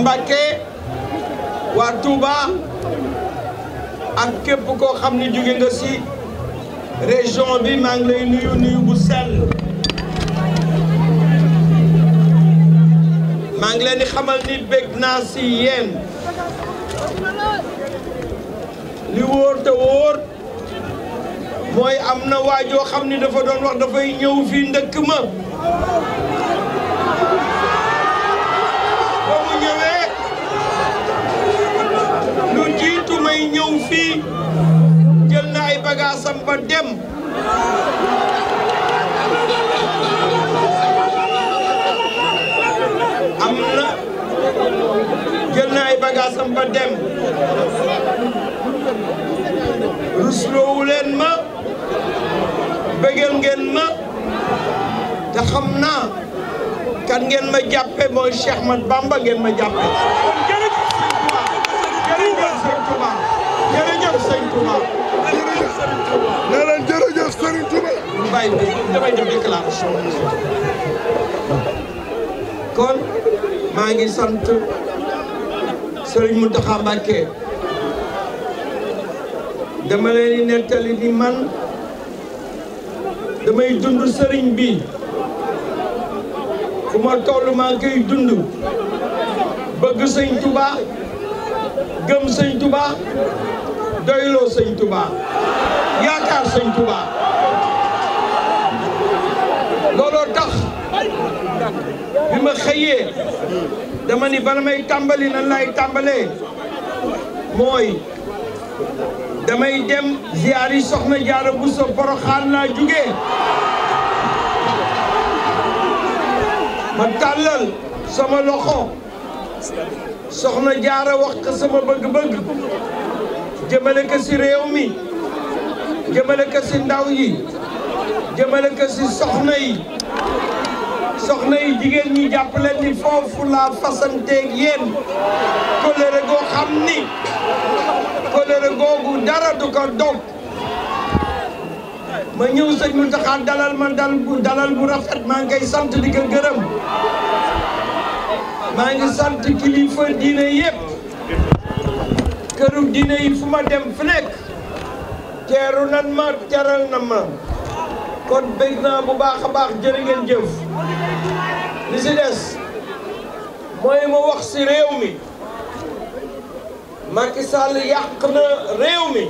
Mbacke wa Touba ak kep ko xamni ne nga ci région bi maa ngi lay nuyu nuyu bu sel maa ngi di xamal ni bég naa si yéen li wor te wor moy amna na waajoo dafa doon wax fay ñew fi ndëkk ma may ñëw fii jël na ay bagaasam ba dem am na jël na ay bagaasam ba dem rusloowu ma bëggeel ngeen ma te xam naa kan ngeen ma jàppe mooy Cheikh Mat Bamba ngeen ma jàppe Touba jërëjëf Serigne Touba nee kon maa ngi Serigne Mountakha Mbacké dama leen di man damay dund Serigne bi fu dund Touba Touba doyloo sëñ Touba yaakaar sëñ Touba looloo tax bi ma xëyee dama ni bala may tàmbali nan lay tàmbalee mooy damay dem ziyaari soxna Jaara Buso Poroxaan laa jugee ma tàllal sama loxo soxna Jaara wax sama bëgg-bëgg jëmale ko si réew mi jëmale ko si ndaw yi jëmale ko si soxna yi soxna yi jigéen ñi jàpp ni foofu la fasanteeg yéen kóllëre goo xam ni kóllëre googu dara du ko dog ma ñëw sëñ Mountakha dalal ma dal bu dalal bu rafet maa ngi sant di ko gërëm maa ngi sant kilifa diine yépp këru diine yi fu ma dem fu nekk teeru nan ma teral na ma kon bëgg bu baax a baax jërë jëf li si des mooy ma wax si réew mi Macky Sall yàq na réew mi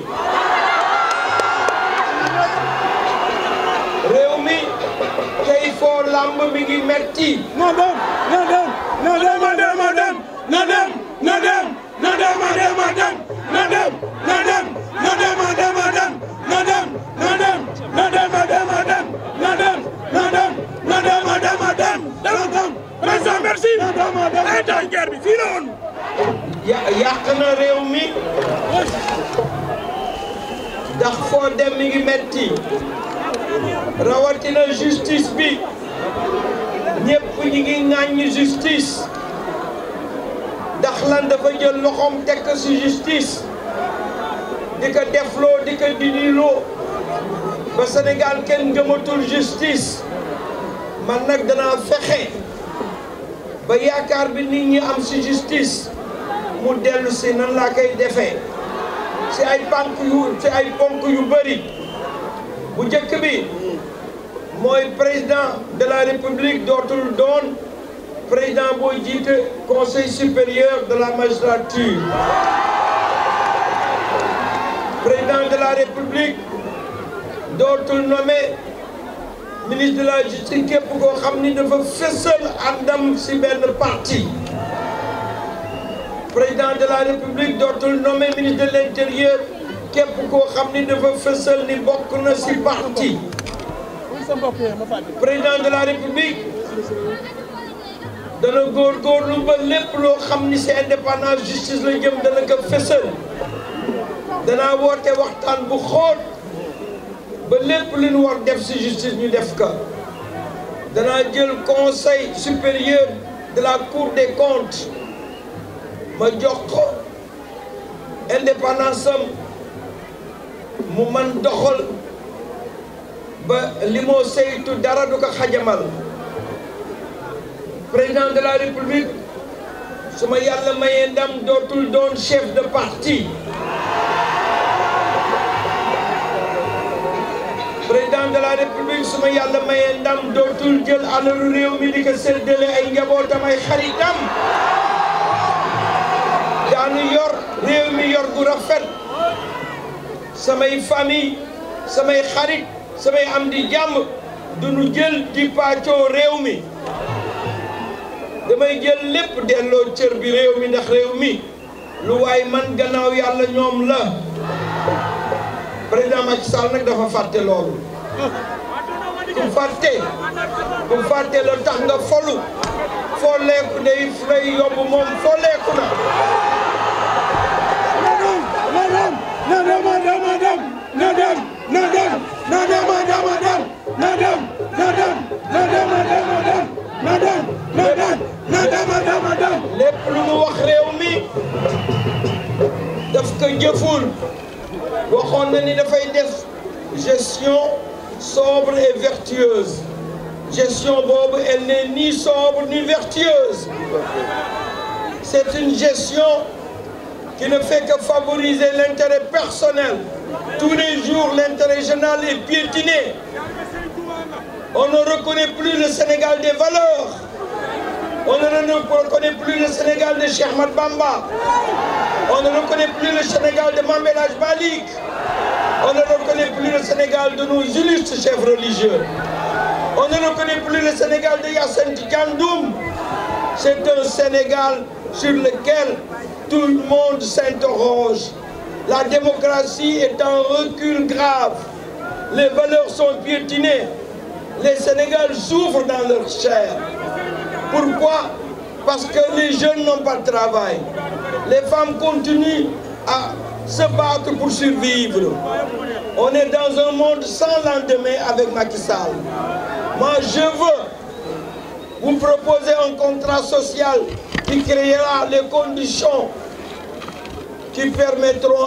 réew mi tey foo làmb mi ngi metti na dem na dem na dem na dem na dem yàq na réew mi ndax foo dem mi ngi metti rawatina justice bi ñépp ñi ngi ŋàññi justice Daxlan dafa jël loxoom teg ko ci justice di ko defloo di ko diniloo ba Sénégal kenn gëmatul justice man nag danaa fexe ba yaakaar bi nit ñi am ci justice mu dellu ci nan laa koy defee ci ay pank yu ci ay ponk yu bëri bu njëkk bi mooy président de la république dootul doon président booy conseil supérieur de la magistrature président de la république d'autres nommé ministre de la justice képp koo xam de dafa seul Adam ci de parti président de la république d'autres nommé ministre de l'intérieur képp koo de vos dafa seul ni seul, na ci parti président de la république dana góorgóorlu ba lépp loo xam ni si indépendance justice la jëm dana ko fësal danaa woote waxtaan bu xóot ba lépp lu ñu war def si justice ñu def ko danaa jël conseil supérieur de la cour des comptes ma jox ko indépendance sam mu man doxal ba li moo saytu dara du ko xajamal président de la république su ma yàlla mayee ndam dootul doon chef de parti président de la république su ma yàlla mayee ndam dootul jël alalu réew mi di ko séddale ay njabootam ay xaritam daanu yor réew mi yor gu rafet samay famille samay xarit samay am di jàmm du nu jël di pàccoo réew mi damay jël lépp delloo cër bi réew mi ndax réew mi lu waay man gannaaw yàlla ñoom la président Macky Sall nag dafa fàtte loolu ku fàtte ku fàtte la tax nga folu foleeku day lay yomb moom foleeku na na dem na dem na dem na dem na dem na dem na dem na dem na dem na dem na dem na dem madame madame madame madame madame Les lu mu wax réew mi daf ko jëful gestion sobre et vertueuse gestion Bob, elle n'est ni sobre ni vertueuse c'est une gestion qui ne fait que favoriser l'intérêt personnel tous les jours l'intérêt général est piétiné on ne reconnaît plus le Sénégal des valeurs. On ne reconnaît plus le Sénégal de Cheikh Bamba. On ne reconnaît plus le Sénégal de mamel Malik. On ne reconnaît plus le Sénégal de nos illustres chefs religieux. On ne reconnaît plus le Sénégal de Yassine Kandoum. C'est un Sénégal sur lequel tout le monde s'interroge. La démocratie est en recul grave. Les valeurs sont piétinées les Sénégal souffrent dans leur chair. Pourquoi Parce que les jeunes n'ont pas de travail. Les femmes continuent à se battre pour survivre. On est dans un monde sans lendemain avec Macky Sall. Moi, je veux vous proposer un contrat social qui créera les conditions qui permettront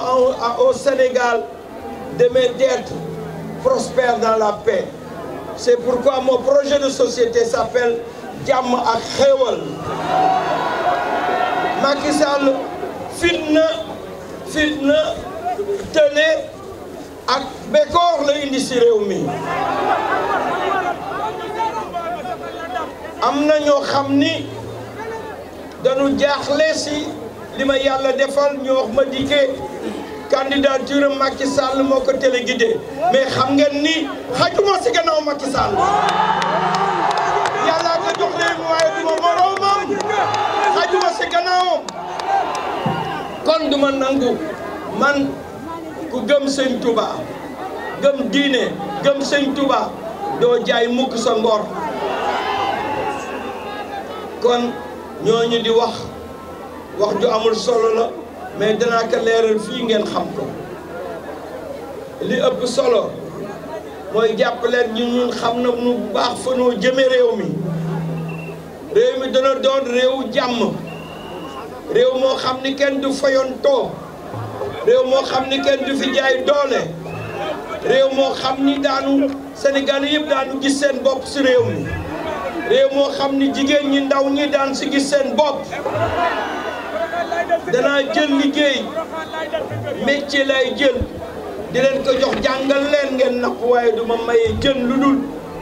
au Sénégal de d'être prospère dans la paix. C'est pourquoi mon projet de société s'appelle Jam ak Xéewal. Macky Sall fitna fitna tële ak bekor le indi si Amna mi. am na ñoo xam dañu si defal ñu candidature Macky Sall moo ko téléguidé mais xam ngeen ni xajuma si gannaaw Macky Sall yàlla ko kon duma nangu man ku gëm sëñ gëm diine gëm sëñ doo jaay mukk sa kon ñooñu di wax wax ju amul solo mais dinaa ko fii ngeen xam ko li ëpp solo mooy jàpp leen ñu ñun xam na mu baax fa noo jëme réew mi réew mi dana doon réewu jàmm réew moo xam ni kenn du foyontoo réew moo xam ni kenn du fi jaay doole réew moo xam ni daanu Sénégal yëpp daanu gis seen bopp si réew mi réew moo xam ni jigéen ñi ndaw ñi daan si gis seen bopp danaa jël liggéey métier lay jël di leen ko jox jàngal leen ngeen napp waaye du ma maye jën lu dul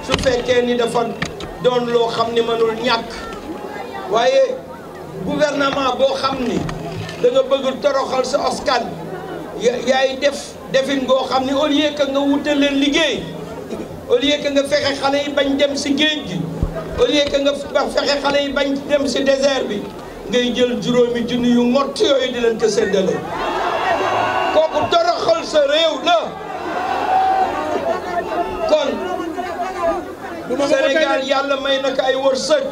su fekkee ni dafa doon loo xam ni mënul ñàkk waaye gouvernement boo xam ni da nga bëgg toroxal sa askan yaay def defin goo xam ni au lieu que nga wutal leen liggéey au lieu que nga fexe xale yi bañ dem si géej gi au lieu que nga fexe xale yi bañ dem si désert bi ngay jël juróomi junni yu ngott yooyu di leen ko séddale kooku toroxal sa réew la kon Sénégal yàlla may na ay wërsëg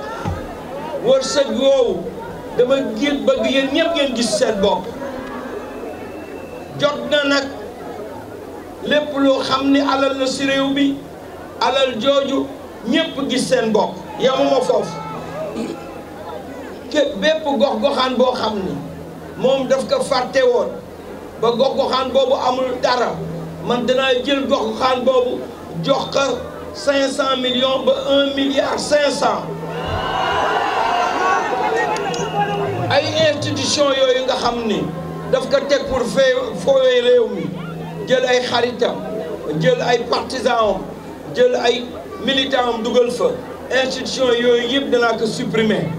wërsëg woowu dama gén bëgg yéen ñëpp ngeen gis seen bopp jot na nag lépp loo xam ni alal la si réew bi alal jooju ñëpp gis seen bopp yamuma foofu bépp gox-goxaan boo xam ni daf ko woon ba gox-goxaan boobu amul dara man danaa jël 500 millions ba 1 milliard 500. ay institution yooyu nga xam daf ko teg pour mi jël ay xaritam jël ay partisans militants institution yooyu yëpp danaa ko supprimer.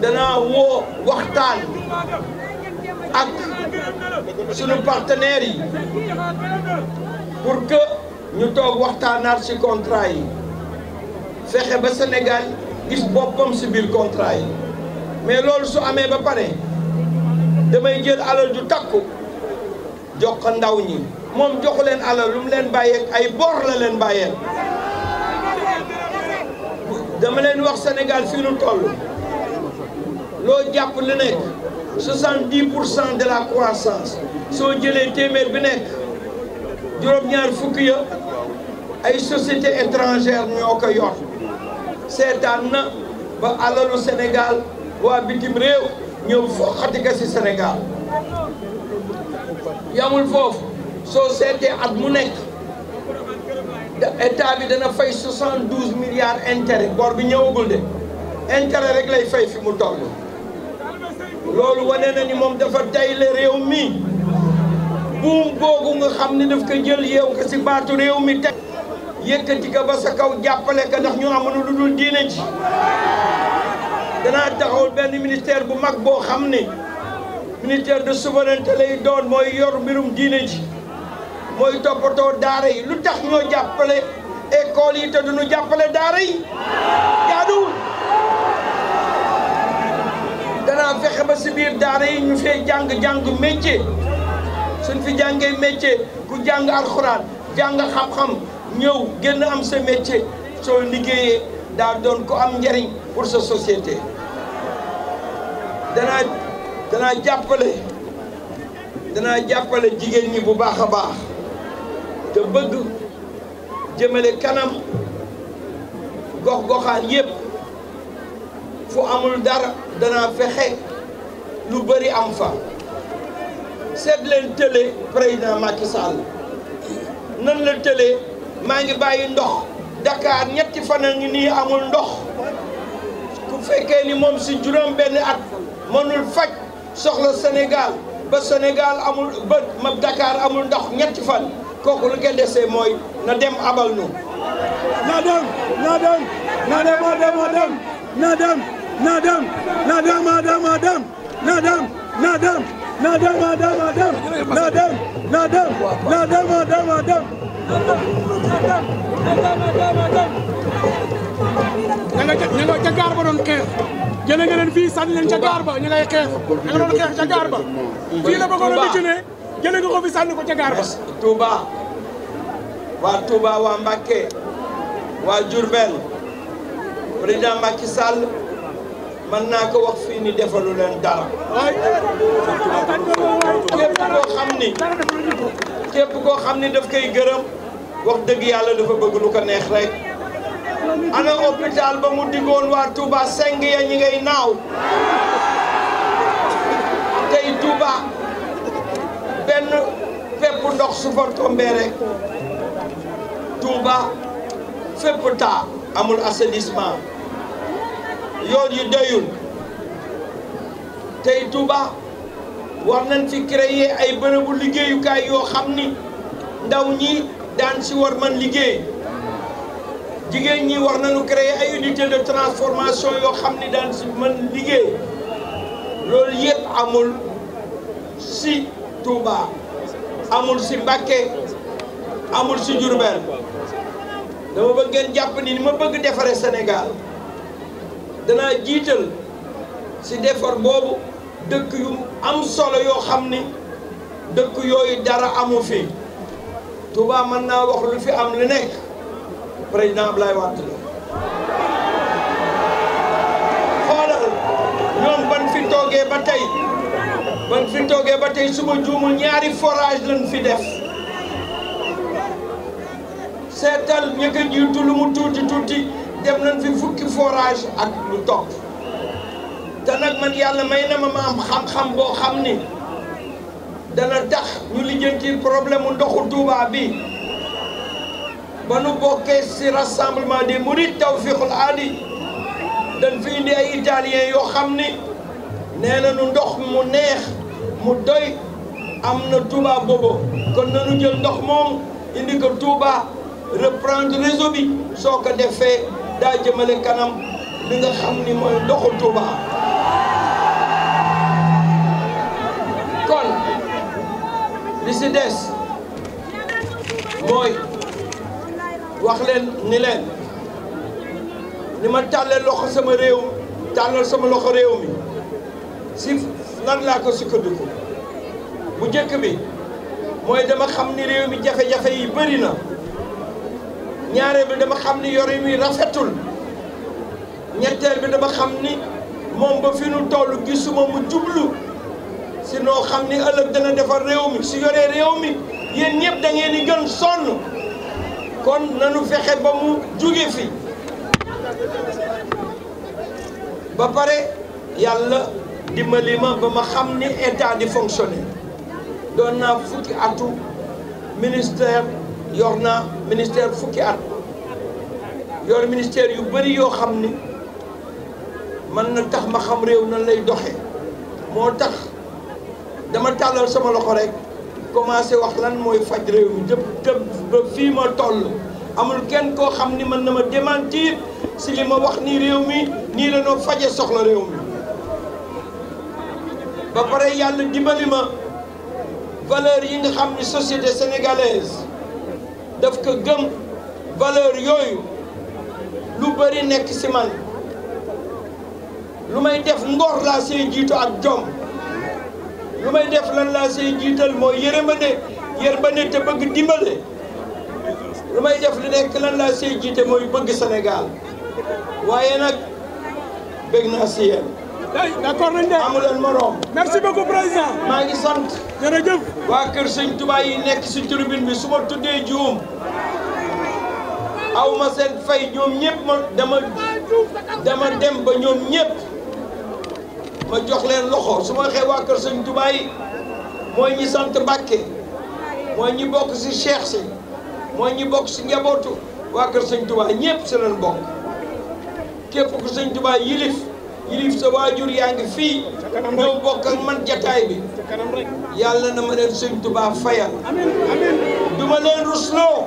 dana wo waxtan ak sunu partenaire yi pour que ñu tok waxtanar ci contrat yi fexé ba Sénégal gis bopam ci bir contrat yi mais lolu su amé ba paré damay jël alal ju takku jox ko ndaw ñi mom jox leen alal lu mu leen bàyyee ay bor la leen baye dama leen wax Sénégal fi ñu tollu loo jàpp lu nekk soixante pour cent de la soo jëlee téeméer bi nekk juróom-ñaar fukki ya ay société étrangère ñoo ko yor seetaan na ba alalu Sénégal waa bitim réew ñëw foqati ko ci senegal yamul foofu soo seetee at mu nekk état bi dana fay 72 milliards intérêt bor bi ñëwagul de intérêt rek lay fay fi mu toll. loolu wane na ni moom dafa tayle réew mi buum googu nga xam ne daf ko jël yeew ko si baatu réew mi teg yëkkati ko ba sa kaw jàppale ko ndax ñu amoon lu dul diine ji danaa taxawul benn ministère bu mag boo xam ne ministère de souveraineté lay doon mooy yor mbirum diine ji mooy toppatoo daara yi lu tax ñoo jàppale école yi te duñu jàppale daara yi jaaduwul maanaam fexe ba si biir daara yi ñu fee jàng jàng métier suñ fi jàngee métier ku jàng alxuraan jàng xam-xam ñëw gën am sa métier soo liggéeyee daa doon ko am njariñ pour sa société. danaa danaa danaa jàppale jigéen ñi bu baax a baax te bëgg jëmale kanam gox-goxaan yépp fu amul dara danaa fexe lu bëri am fa seet leen télé président Macky Sall nan la télé maa ngi bàyyi ndox Dakar ñetti fan a ngi nii amul ndox ku fekkee ni moom si juróom benn at mënul faj soxla Sénégal ba Sénégal amul ba ma dakaar amul ndox ñetti fan kooku lu ko desee mooy na dem abal nu na dem na dem na dem na dem na dem nadam nadam adam adam nadam nadam nadam adam adam nadam nadam nadam adam adam ña nga ña nga ca gaar ba doon xeex jëlee nga leen fii sànni leen ca gaar ba ñu ngay xeex ña nga doon xeex ca gaar ba fii la bëggoon a déjeuné jëlee nga ko fi sànni ko ca gaar ba Touba waa Touba waa Mbacké waa Diourbel président Macky Sall mën naa ko wax fii ni defalu leen dara képp koo xam ni képp koo xam ni daf koy gërëm wax dëgg yàlla dafa bëgg lu ko neex rek ana hôpital ba mu diggoon waa Touba seng ya ñi ngay naaw tey Touba benn fépp ndox su fa tombee rek Touba fépp taa amul assainissement yoon yi doyul tey Touba war nañ ci créer ay bërëbu liggéeyukaay yoo xam ni ndaw ñi daan si war man liggéey jigéen ñi war nañu créer ay unité de transformation yoo xam ni daan si man liggéey loolu yëpp amul si tuuba amul si Mbacké amul si Diourbel dama bëgg jàpp ni ni ma bëgg defaree Sénégal danaa jiital ci defar boobu dëkk yu am solo yoo xam ni dëkk yooyu dara amu fi Touba mën naa wax lu fi am lu nekk président Abdoulaye Wade la xoolal ñoom ban fi toogee ba tey ban fi toogee ba tey suma juumul ñaari forage lañ fi def seetal ñi ko jiitu lu mu tuuti tuuti dem nañ fi fukki forage ak lu topp te nag man yàlla may na ma ma am xam-xam boo xam ni dana tax ñu lijjanti problème mu ndoxu Touba bi ba nu bokkee ci rassemblement des mourides Tawfiqul Hadi dañ fi indi ay italiens yoo xam ni nee na nu ndox mu neex mu doy am na Touba boobu kon nanu jël ndox moom indi ko Touba reprendre réseau soo ko defee daa jëmale kanam li nga xam ni mooy ndoxu Touba kon li si des mooy wax leen ni leen ni ma tàllal loxo sama réew tàllal sama loxo réew mi si lan laa ko sukkandiku bu njëkk bi mooy dama xam ni réew mi jafe-jafe yi bari na ñaare bi dama xamni yori wi rafetul ñettel bi dama xamni mom ba fi nu toll gisuma mu jublu si noo xam ni ëllëg dana defar réew mi su yoree réew mi yeen ñepp da ngeen ni gën son kon nanu fexé ba mu jóge fi ba paré yalla dimbali ma ba ma xamni état di fonctionner doon fukki atu ministère yor naa ministère fukki at yor ministère yu bëri yoo xam ni man na tax ma xam réew nan lay doxe moo tax dama tàllal sama loxo rek commencé wax lan mooy faj réew mi dëpp dëpp ba fii ma toll amul kenn koo xam ni mën na ma démentir si li ma wax nii réew mi nii la noo faje soxla réew mi ba pare yàlla dimbali ma valeur yi nga xam ni société sénégalaise daf ko gëm valeur yooyu lu bari nekk si man lu may def ngoor laa see jiitu ak jomb lu may def lan laa see jiital mooy yërmande yërmande te bëgg dimbale lu may def lu nekk lan laa see jiite mooy bëgg Sénégal waaye nag bëgg naa si yéen d'accord nañ de. amuleen morom. merci beaucoup président. maa ngi sant. jërëjëf. waa Kër Sëñ Touba yi nekk si tribune bi su ma tuddee juum awma ma seen fay ñoom ñëpp ma dama dama dem ba ñoom ñëpp ma jox loxo su ma waxee waa Kër Sëñ Touba mooy ñi sant Mbàkke mooy ñi bokk si Cheikh si mooy ñi bokk si njabootu waa Kër Sëñ Touba ñëpp si leen bokk képp ku Sëñ Touba yilif yilif sa waajur yaa ngi fii ñoo bokk ak man jataay bi yàlla na ma leen sëñ Tuubaa fayal du ma leen rusloo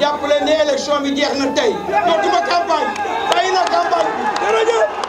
jàppale ne élection bi jeex na tey dootuma campagne bàyyi na campagne bi jërëjëf